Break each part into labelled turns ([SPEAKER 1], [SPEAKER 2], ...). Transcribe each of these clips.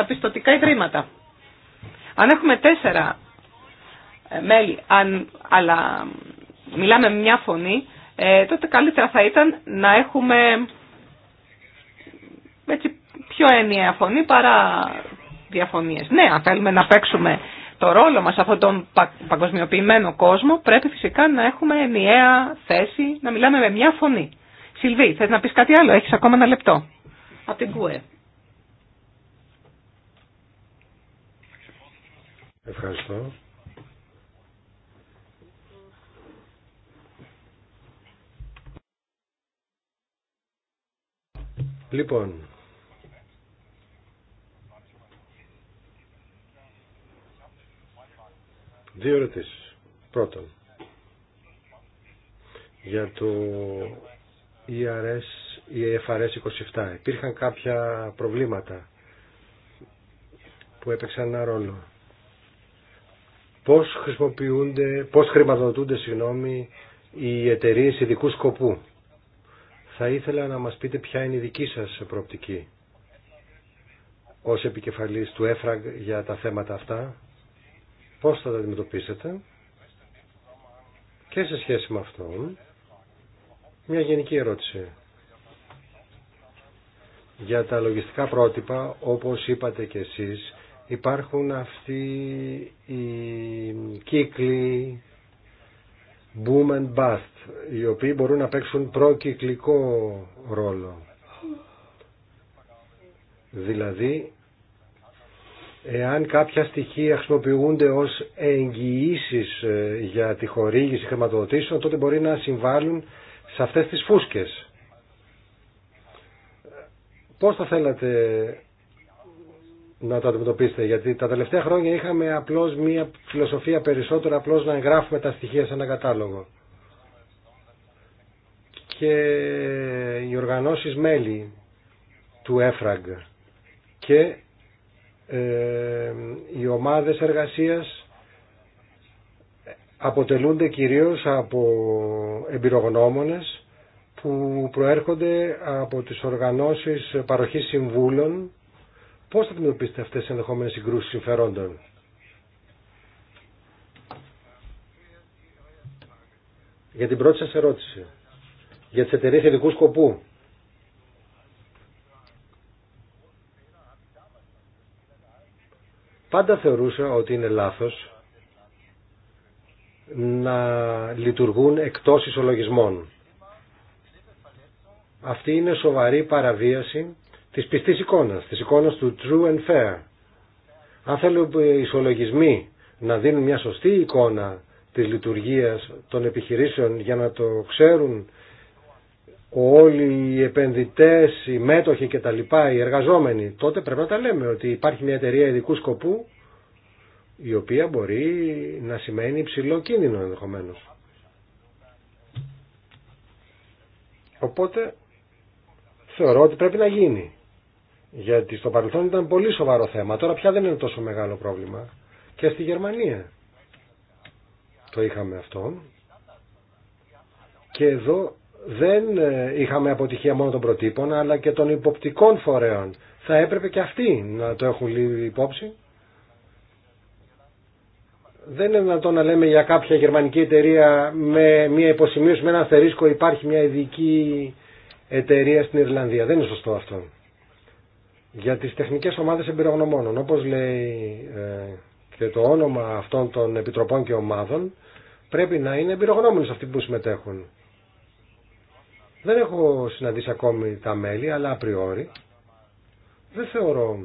[SPEAKER 1] τα πιστοτικά ιδρύματα. Αν έχουμε τέσσερα ε, μέλη, αν, αλλά μιλάμε με μια φωνή, ε, τότε καλύτερα θα ήταν να έχουμε έτσι, πιο ενιαία φωνή παρά διαφωνίες. Ναι, αν θέλουμε να παίξουμε το ρόλο μας σε αυτόν τον παγκοσμιοποιημένο κόσμο, πρέπει φυσικά να έχουμε ενιαία θέση, να μιλάμε με μια φωνή. Σιλβί, θες να πεις κάτι άλλο, έχεις ακόμα ένα λεπτό. Από την
[SPEAKER 2] Ευχαριστώ. Λοιπόν, δύο ερωτήσεις. Πρώτον, για το ERS, η FRS 27. Υπήρχαν κάποια προβλήματα που έπαιξαν ένα ρόλο πώς χρησιμοποιούνται, πώς χρηματοδοτούνται συγγνώμη, οι εταιρείε ειδικού σκοπού. Θα ήθελα να μας πείτε ποια είναι η δική σας προοπτική ως επικεφαλής του ΕΦΡΑΓ για τα θέματα αυτά, πώς θα τα αντιμετωπίσετε και σε σχέση με αυτό μια γενική ερώτηση για τα λογιστικά πρότυπα όπως είπατε και εσείς υπάρχουν αυτοί οι κύκλοι boom and bust, οι οποίοι μπορούν να παίξουν προκυκλικό ρόλο. Δηλαδή, εάν κάποια στοιχεία χρησιμοποιούνται ως εγγυήσει ε, για τη χορήγηση χρηματοδοτήσεων, τότε μπορεί να συμβάλλουν σε αυτές τις φούσκες. Πώς θα θέλατε να το αντιμετωπίσετε. Γιατί τα τελευταία χρόνια είχαμε απλώς μία φιλοσοφία περισσότερο απλώς να εγγράφουμε τα στοιχεία σε ένα κατάλογο. Και οι οργανώσει μέλη του ΕΦΡΑΓ και ε, οι ομάδες εργασίας αποτελούνται κυρίως από εμπειρογνώμονες που προέρχονται από τις οργανώσεις παροχής συμβούλων Πώς θα αντιμετωπίσετε αυτές τις ενδεχόμενες συγκρούσεις συμφερόντων. Για την πρώτη σας ερώτηση. Για τις εταιρείες ειδικού σκοπού. Πάντα θεωρούσα ότι είναι λάθος να λειτουργούν εκτός ισολογισμών. Αυτή είναι σοβαρή παραβίαση της πιστής εικόνας, της εικόνας του true and fair. Αν θέλουν οι ισολογισμοί να δίνουν μια σωστή εικόνα της λειτουργίας των επιχειρήσεων για να το ξέρουν όλοι οι επενδυτές, οι μέτοχοι και τα λοιπά, οι εργαζόμενοι, τότε πρέπει να τα λέμε ότι υπάρχει μια εταιρεία ειδικού σκοπού η οποία μπορεί να σημαίνει υψηλό κίνδυνο ενδεχομένω. Οπότε θεωρώ ότι πρέπει να γίνει. Γιατί στο παρελθόν ήταν πολύ σοβαρό θέμα, τώρα πια δεν είναι τόσο μεγάλο πρόβλημα. Και στη Γερμανία το είχαμε αυτό. Και εδώ δεν ε, είχαμε αποτυχία μόνο των προτύπων, αλλά και των υποπτικών φορέων. Θα έπρεπε και αυτοί να το έχουν λίγη υπόψη. Δεν είναι δυνατό να λέμε για κάποια γερμανική εταιρεία με μια υποσημείωση, με ένα αστερίσκο υπάρχει μια ειδική εταιρεία στην Ιρλανδία. Δεν είναι σωστό αυτό για τις τεχνικές ομάδες εμπειρογνωμόνων. Όπως λέει ε, και το όνομα αυτών των επιτροπών και ομάδων, πρέπει να είναι εμπειρογνώμονες αυτοί που συμμετέχουν. Δεν έχω συναντήσει ακόμη τα μέλη, αλλά απριόρι. Δεν θεωρώ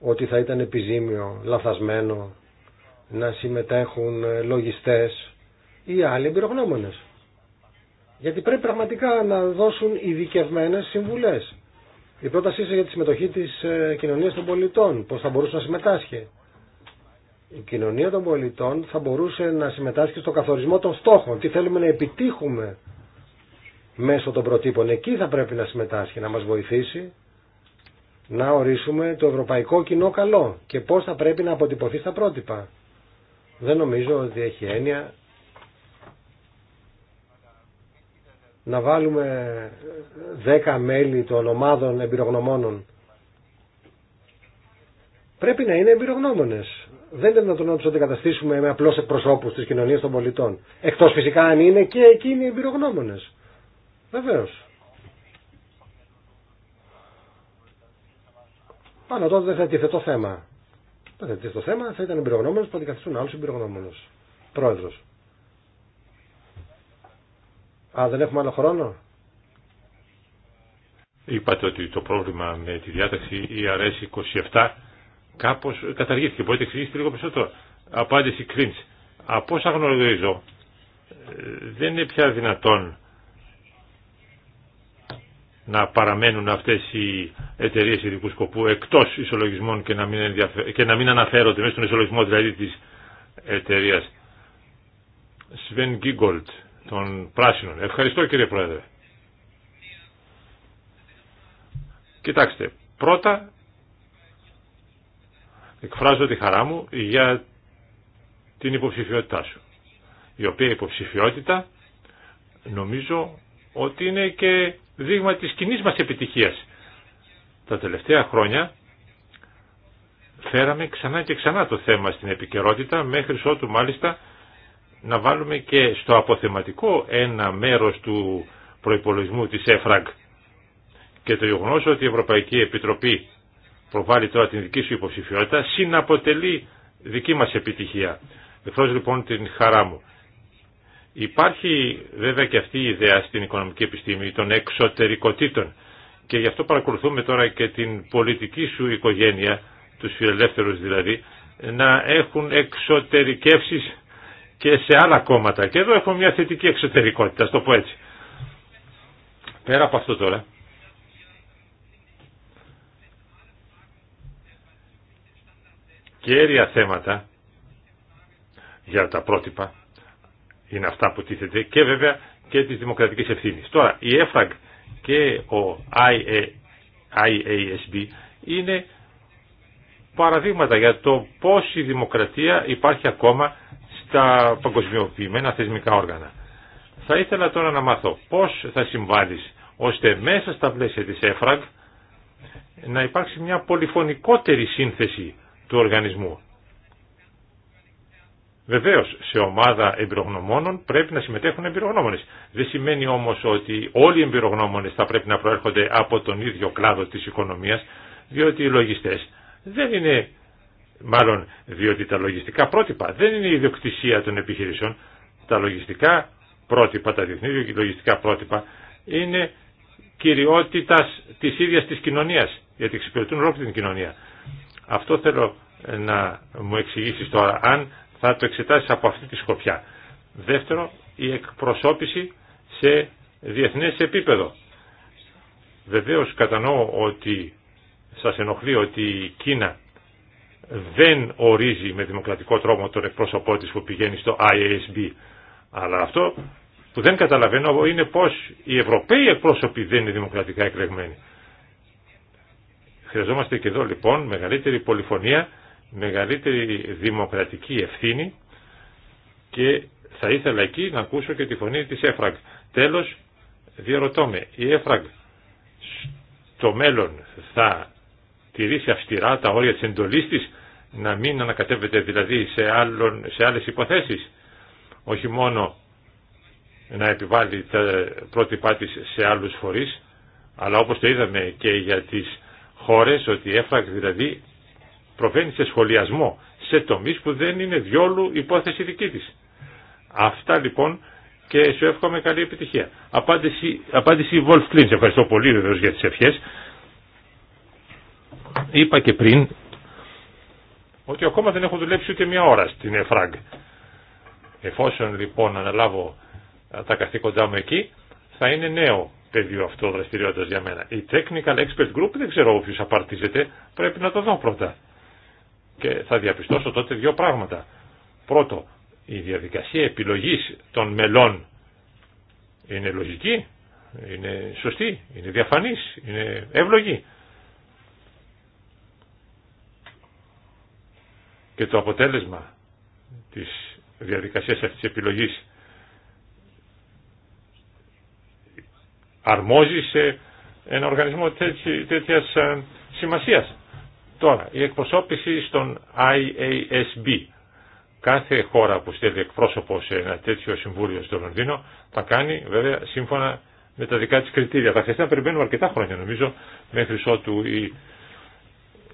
[SPEAKER 2] ότι θα ήταν επιζήμιο, λαθασμένο, να συμμετέχουν λογιστές ή άλλοι εμπειρογνώμονες. Γιατί πρέπει πραγματικά να δώσουν ειδικευμένε συμβουλές η πρότασή σα για τη συμμετοχή της ε, κοινωνία των πολιτών, πώς θα μπορούσε να συμμετάσχει. Η κοινωνία των πολιτών θα μπορούσε να συμμετάσχει στο καθορισμό των στόχων. Τι θέλουμε να επιτύχουμε μέσω των προτύπων. Εκεί θα πρέπει να συμμετάσχει, να μας βοηθήσει να ορίσουμε το ευρωπαϊκό κοινό καλό και πώς θα πρέπει να αποτυπωθεί στα πρότυπα. Δεν νομίζω ότι έχει έννοια να βάλουμε 10 μέλη των ομάδων εμπειρογνωμόνων. Πρέπει να είναι εμπειρογνώμονε. Δεν είναι δυνατόν να του αντικαταστήσουμε με απλώ εκπροσώπου τη κοινωνία των πολιτών. Εκτό φυσικά αν είναι και εκείνοι εμπειρογνώμονε. Βεβαίω. Πάνω τότε δεν θα τίθε το θέμα. Δεν θα τίθε το θέμα, θα ήταν εμπειρογνώμονε που αντικαθιστούν άλλου εμπειρογνώμονε. Πρόεδρο. Α, δεν έχουμε άλλο χρόνο.
[SPEAKER 3] Είπατε ότι το πρόβλημα με τη διάταξη ERS 27 κάπως καταργήθηκε. Μπορείτε να εξηγήσετε λίγο περισσότερο. Απάντηση Κρίντς. Από όσα γνωρίζω, δεν είναι πια δυνατόν να παραμένουν αυτές οι εταιρείες ειδικού σκοπού εκτός ισολογισμών και να μην, ενδιαφε... και να μην αναφέρονται μέσα στον ισολογισμό δηλαδή της εταιρείας. Sven των πράσινων. Ευχαριστώ κύριε Πρόεδρε. Κοιτάξτε, πρώτα εκφράζω τη χαρά μου για την υποψηφιότητά σου, η οποία υποψηφιότητα νομίζω ότι είναι και δείγμα της κοινή μας επιτυχίας. Τα τελευταία χρόνια φέραμε ξανά και ξανά το θέμα στην επικαιρότητα, μέχρι ότου μάλιστα να βάλουμε και στο αποθεματικό ένα μέρος του προϋπολογισμού της ΕΦΡΑΓ και το γεγονό ότι η Ευρωπαϊκή Επιτροπή προβάλλει τώρα την δική σου υποψηφιότητα συναποτελεί δική μας επιτυχία. Ευχαριστώ λοιπόν την χαρά μου. Υπάρχει βέβαια και αυτή η ιδέα στην οικονομική επιστήμη των εξωτερικοτήτων και γι' αυτό παρακολουθούμε τώρα και την πολιτική σου οικογένεια, τους φιλελεύθερους δηλαδή, να έχουν εξωτερικεύσεις και σε άλλα κόμματα. Και εδώ έχω μια θετική εξωτερικότητα, στο πω έτσι. Πέρα από αυτό τώρα. Κέρια θέματα για τα πρότυπα είναι αυτά που τίθεται και βέβαια και της δημοκρατικής ευθύνης. Τώρα, η ΕΦΡΑΓ και ο IASB είναι παραδείγματα για το πώς η δημοκρατία υπάρχει ακόμα τα παγκοσμιοποιημένα θεσμικά όργανα. Θα ήθελα τώρα να μάθω πώς θα συμβάλλεις ώστε μέσα στα πλαίσια της ΕΦΡΑΓ να υπάρξει μια πολυφωνικότερη σύνθεση του οργανισμού. Βεβαίως σε ομάδα εμπειρογνωμόνων πρέπει να συμμετέχουν εμπειρογνώμονες. Δεν σημαίνει όμως ότι όλοι οι εμπειρογνώμονες θα πρέπει να προέρχονται από τον ίδιο κλάδο της οικονομίας, διότι οι λογιστές δεν είναι Μάλλον διότι τα λογιστικά πρότυπα δεν είναι η ιδιοκτησία των επιχειρήσεων. Τα λογιστικά πρότυπα, τα διεθνή λογιστικά πρότυπα είναι κυριότητας της ίδιας της κοινωνίας, γιατί εξυπηρετούν ολόκληρη την κοινωνία. Αυτό θέλω να μου εξηγήσεις τώρα, αν θα το εξετάσεις από αυτή τη σκοπιά. Δεύτερο, η εκπροσώπηση σε διεθνές επίπεδο. Βεβαίως κατανοώ ότι σας ενοχλεί ότι η Κίνα δεν ορίζει με δημοκρατικό τρόπο τον εκπρόσωπό της που πηγαίνει στο IASB. Αλλά αυτό που δεν καταλαβαίνω είναι πως οι Ευρωπαίοι εκπρόσωποι δεν είναι δημοκρατικά εκλεγμένοι. Χρειαζόμαστε και εδώ λοιπόν μεγαλύτερη πολυφωνία, μεγαλύτερη δημοκρατική ευθύνη και θα ήθελα εκεί να ακούσω και τη φωνή της ΕΦΡΑΓ. Τέλος, διαρωτώ με, η ΕΦΡΑΓ το μέλλον θα τηρήσει αυστηρά τα όρια της εντολής της, να μην ανακατεύεται δηλαδή σε, άλλον, σε άλλες υποθέσεις. Όχι μόνο να επιβάλλει τα πρότυπά της σε άλλους φορείς, αλλά όπως το είδαμε και για τις χώρες, ότι η δηλαδή προβαίνει σε σχολιασμό, σε τομείς που δεν είναι διόλου υπόθεση δική της. Αυτά λοιπόν και σου εύχομαι καλή επιτυχία. Απάντηση, απάντηση Wolf Ευχαριστώ πολύ βεβαίω για τις ευχές. Είπα και πριν ότι ακόμα δεν έχω δουλέψει ούτε μια ώρα στην ΕΦΡΑΓ. Εφόσον λοιπόν αναλάβω τα καθήκοντά μου εκεί, θα είναι νέο πεδίο αυτό δραστηριότητα για μένα. Η Technical Expert Group δεν ξέρω όποιο απαρτίζεται, πρέπει να το δω πρώτα. Και θα διαπιστώσω τότε δύο πράγματα. Πρώτο, η διαδικασία επιλογής των μελών είναι λογική, είναι σωστή, είναι διαφανής, είναι εύλογη. και το αποτέλεσμα της διαδικασίας αυτής της επιλογής αρμόζει σε ένα οργανισμό τέτοιας ε, σημασίας. Τώρα, η εκπροσώπηση στον IASB. Κάθε χώρα που στέλνει εκπρόσωπο σε ένα τέτοιο συμβούλιο στο Λονδίνο θα κάνει βέβαια σύμφωνα με τα δικά της κριτήρια. Θα χρειαστεί να περιμένουμε αρκετά χρόνια νομίζω μέχρι ότου η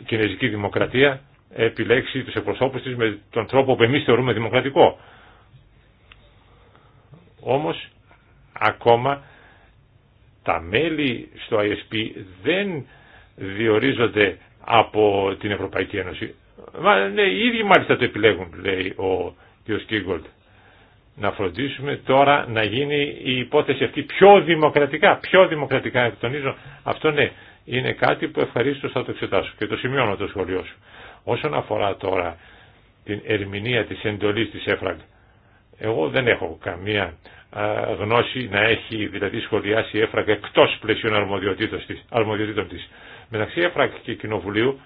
[SPEAKER 3] Κινέζικη Δημοκρατία επιλέξει τους εκπροσώπους της με τον τρόπο που εμείς θεωρούμε δημοκρατικό. Όμως ακόμα τα μέλη στο ISP δεν διορίζονται από την Ευρωπαϊκή Ένωση. Μα, ναι, οι ίδιοι μάλιστα το επιλέγουν, λέει ο κ. Σκίγκολτ. Να φροντίσουμε τώρα να γίνει η υπόθεση αυτή πιο δημοκρατικά, πιο δημοκρατικά, τονίζω. Αυτό ναι, είναι κάτι που ευχαρίστως θα το εξετάσω και το σημειώνω το σχολείο σου. Όσον αφορά τώρα την ερμηνεία της εντολής της ΕΦΡΑΚ, εγώ δεν έχω καμία γνώση να έχει δηλαδή σχολιάσει η ΕΦΡΑΚ εκτός πλαισίων αρμοδιοτήτων της. Μεταξύ ΕΦΡΑΚ και Κοινοβουλίου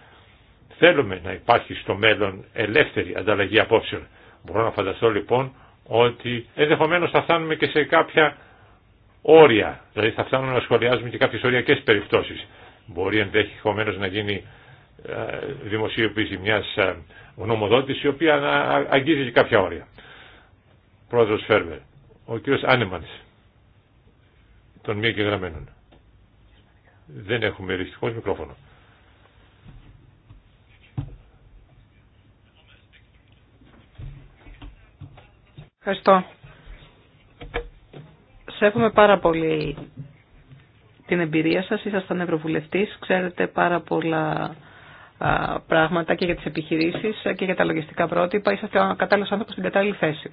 [SPEAKER 3] θέλουμε να υπάρχει στο μέλλον ελεύθερη ανταλλαγή απόψεων. Μπορώ να φανταστώ λοιπόν ότι ενδεχομένως θα φτάνουμε και σε κάποια όρια, δηλαδή θα φτάνουμε να σχολιάζουμε και κάποιες οριακές περιπτώσεις. Μπορεί ενδεχομένω να γίνει ε, δημοσιοποίηση μιας ε, γνωμοδότησης η οποία αγγίζει και κάποια όρια. Πρόεδρος Φέρβερ, ο κύριος Άνεμανς των μη εγγεγραμμένων. Δεν έχουμε ρηστικό μικρόφωνο.
[SPEAKER 1] Ευχαριστώ. έχουμε πάρα πολύ την εμπειρία σας. Ήσασταν ευρωβουλευτής. Ξέρετε πάρα πολλά πράγματα και για τις επιχειρήσεις και για τα λογιστικά πρότυπα. Είσαστε ο κατάλληλος άνθρωπος στην κατάλληλη θέση.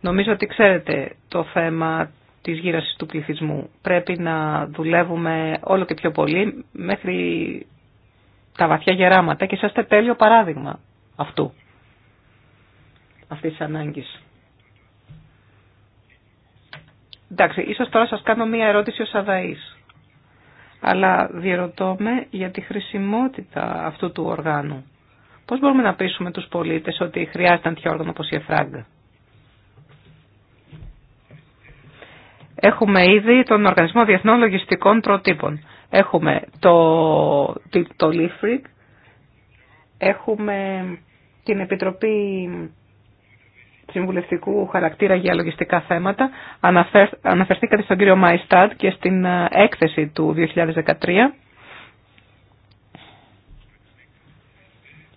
[SPEAKER 1] Νομίζω ότι ξέρετε το θέμα της γύρασης του πληθυσμού. Πρέπει να δουλεύουμε όλο και πιο πολύ μέχρι τα βαθιά γεράματα και είσαστε τέλειο παράδειγμα αυτού, αυτής της ανάγκης. Εντάξει, ίσως τώρα σας κάνω μία ερώτηση ως αδαής αλλά διερωτώ για τη χρησιμότητα αυτού του οργάνου. Πώς μπορούμε να πείσουμε τους πολίτες ότι χρειάζεται τέτοιο όργανο όπως η Εφράγκα. Έχουμε ήδη τον Οργανισμό Διεθνών Λογιστικών Προτύπων. Έχουμε το, το, έχουμε την Επιτροπή συμβουλευτικού χαρακτήρα για λογιστικά θέματα. Αναφερθήκατε στον κύριο Μαϊστάτ και στην ε, έκθεση του 2013.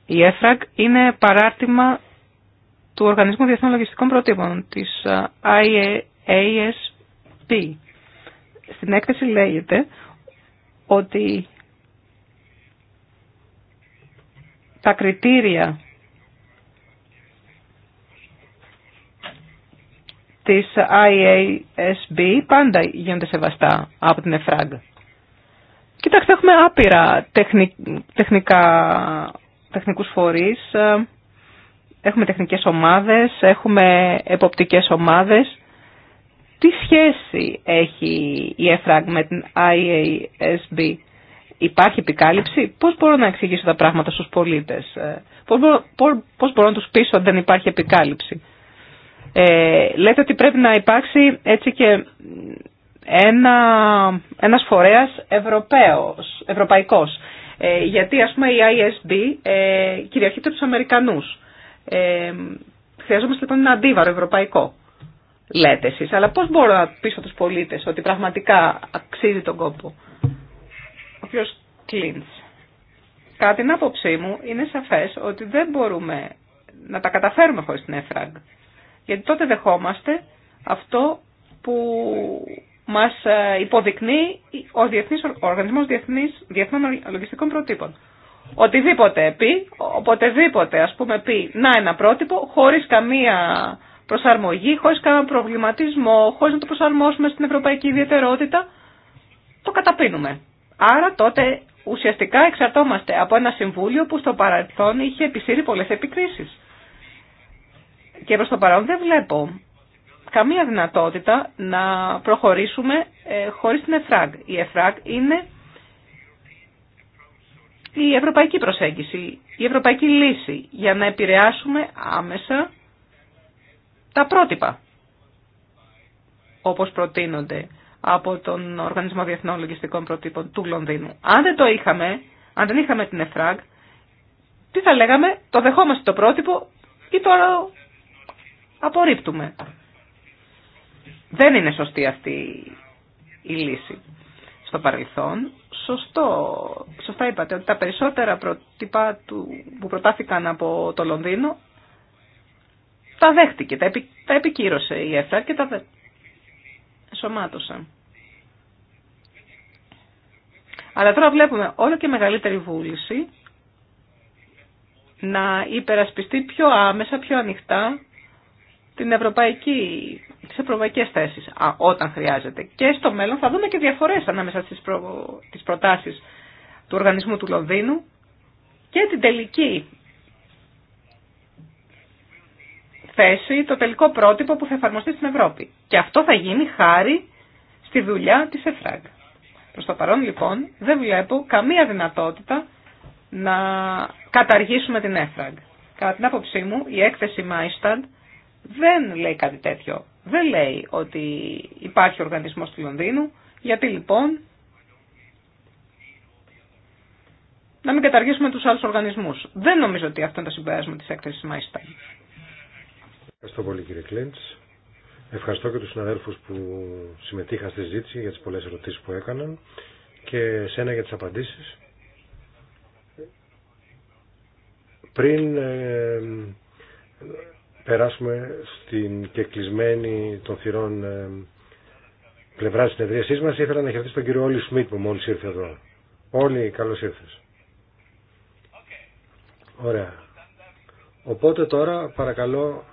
[SPEAKER 1] Η ΕΦΡΑΚ είναι παράρτημα του Οργανισμού Διεθνών Λογιστικών Προτύπων, της ε, IASP. Στην έκθεση λέγεται ότι τα κριτήρια της IASB πάντα γίνονται σεβαστά από την ΕΦΡΑΓ. Κοιτάξτε, έχουμε άπειρα τεχνικά, τεχνικούς φορείς, ε, έχουμε τεχνικές ομάδες, έχουμε εποπτικές ομάδες. Τι σχέση έχει η ΕΦΡΑΓ με την IASB. Υπάρχει επικάλυψη. Πώς μπορώ να εξηγήσω τα πράγματα στους πολίτες. Ε, πώς μπορώ, πώς μπορώ να τους πείσω ότι δεν υπάρχει επικάλυψη. Ε, λέτε ότι πρέπει να υπάρξει έτσι και ένα, ένας φορέας ευρωπαίος, ευρωπαϊκός. Ε, γιατί ας πούμε η ISB ε, κυριαρχείται τους Αμερικανούς. Ε, χρειαζόμαστε λοιπόν ένα αντίβαρο ευρωπαϊκό, λέτε εσείς. Αλλά πώς μπορώ να πείσω τους πολίτες ότι πραγματικά αξίζει τον κόπο. Ο κ. Κλίντς. Κατά την άποψή μου είναι σαφές ότι δεν μπορούμε να τα καταφέρουμε χωρίς την ΕΦΡΑΓ. Γιατί τότε δεχόμαστε αυτό που μας ε, υποδεικνύει ο, Διεθνής, Οργανισμός Διεθνής, Διεθνών Λογιστικών Προτύπων. Οτιδήποτε πει, οποτεδήποτε ας πούμε πει να ένα πρότυπο, χωρίς καμία προσαρμογή, χωρίς κανένα προβληματισμό, χωρίς να το προσαρμόσουμε στην ευρωπαϊκή ιδιαιτερότητα, το καταπίνουμε. Άρα τότε ουσιαστικά εξαρτώμαστε από ένα συμβούλιο που στο παρελθόν είχε επισύρει πολλές επικρίσεις. Και προς το παρόν δεν βλέπω καμία δυνατότητα να προχωρήσουμε ε, χωρίς την ΕΦΡΑΓ. Η ΕΦΡΑΓ είναι η ευρωπαϊκή προσέγγιση, η ευρωπαϊκή λύση για να επηρεάσουμε άμεσα τα πρότυπα όπως προτείνονται από τον Οργανισμό Διεθνών Λογιστικών Προτύπων του Λονδίνου. Αν δεν το είχαμε, αν δεν είχαμε την ΕΦΡΑΓ, τι θα λέγαμε, το δεχόμαστε το πρότυπο ή το απορρίπτουμε. Δεν είναι σωστή αυτή η λύση. Στο παρελθόν, σωστό, σωστά είπατε ότι τα περισσότερα πρότυπα που προτάθηκαν από το Λονδίνο τα δέχτηκε, τα, επικύρωσε η ΕΦΡΑ και τα σωμάτωσε. Αλλά τώρα βλέπουμε όλο και μεγαλύτερη βούληση να υπερασπιστεί πιο άμεσα, πιο ανοιχτά την ευρωπαϊκή, τις ευρωπαϊκές θέσεις όταν χρειάζεται. Και στο μέλλον θα δούμε και διαφορές ανάμεσα στις προ, προτάσεις του οργανισμού του Λονδίνου και την τελική θέση, το τελικό πρότυπο που θα εφαρμοστεί στην Ευρώπη. Και αυτό θα γίνει χάρη στη δουλειά της ΕΦΡΑΓ. Προς το παρόν λοιπόν δεν βλέπω καμία δυνατότητα να καταργήσουμε την ΕΦΡΑΓ. Κατά την άποψή μου η έκθεση Μάισταντ δεν λέει κάτι τέτοιο. Δεν λέει ότι υπάρχει οργανισμός του Λονδίνου, γιατί λοιπόν να μην καταργήσουμε τους άλλους οργανισμούς. Δεν νομίζω ότι αυτό είναι το συμπέρασμα της έκθεσης Μαϊστά.
[SPEAKER 2] Ευχαριστώ πολύ κύριε Κλίντς. Ευχαριστώ και τους συναδέλφους που συμμετείχαν στη ζήτηση για τις πολλές ερωτήσεις που έκαναν και σένα για τις απαντήσεις. Πριν ε, περάσουμε στην κεκλεισμένη των θυρών ε, πλευρά της συνεδρίασής μα. Ήθελα να χαιρετήσω τον κύριο Όλη Σμιτ που μόλι ήρθε εδώ. Όλοι καλώς ήρθες. Ωραία. Οπότε τώρα παρακαλώ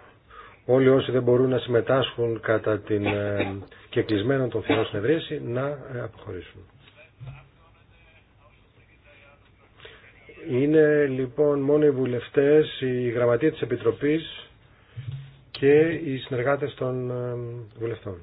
[SPEAKER 2] όλοι όσοι δεν μπορούν να συμμετάσχουν κατά την ε, κεκλεισμένη των θυρών συνεδρίαση να ε, αποχωρήσουν. Είναι λοιπόν μόνο οι βουλευτές, η γραμματεία της Επιτροπής και οι συνεργάτες των ε, βουλευτών.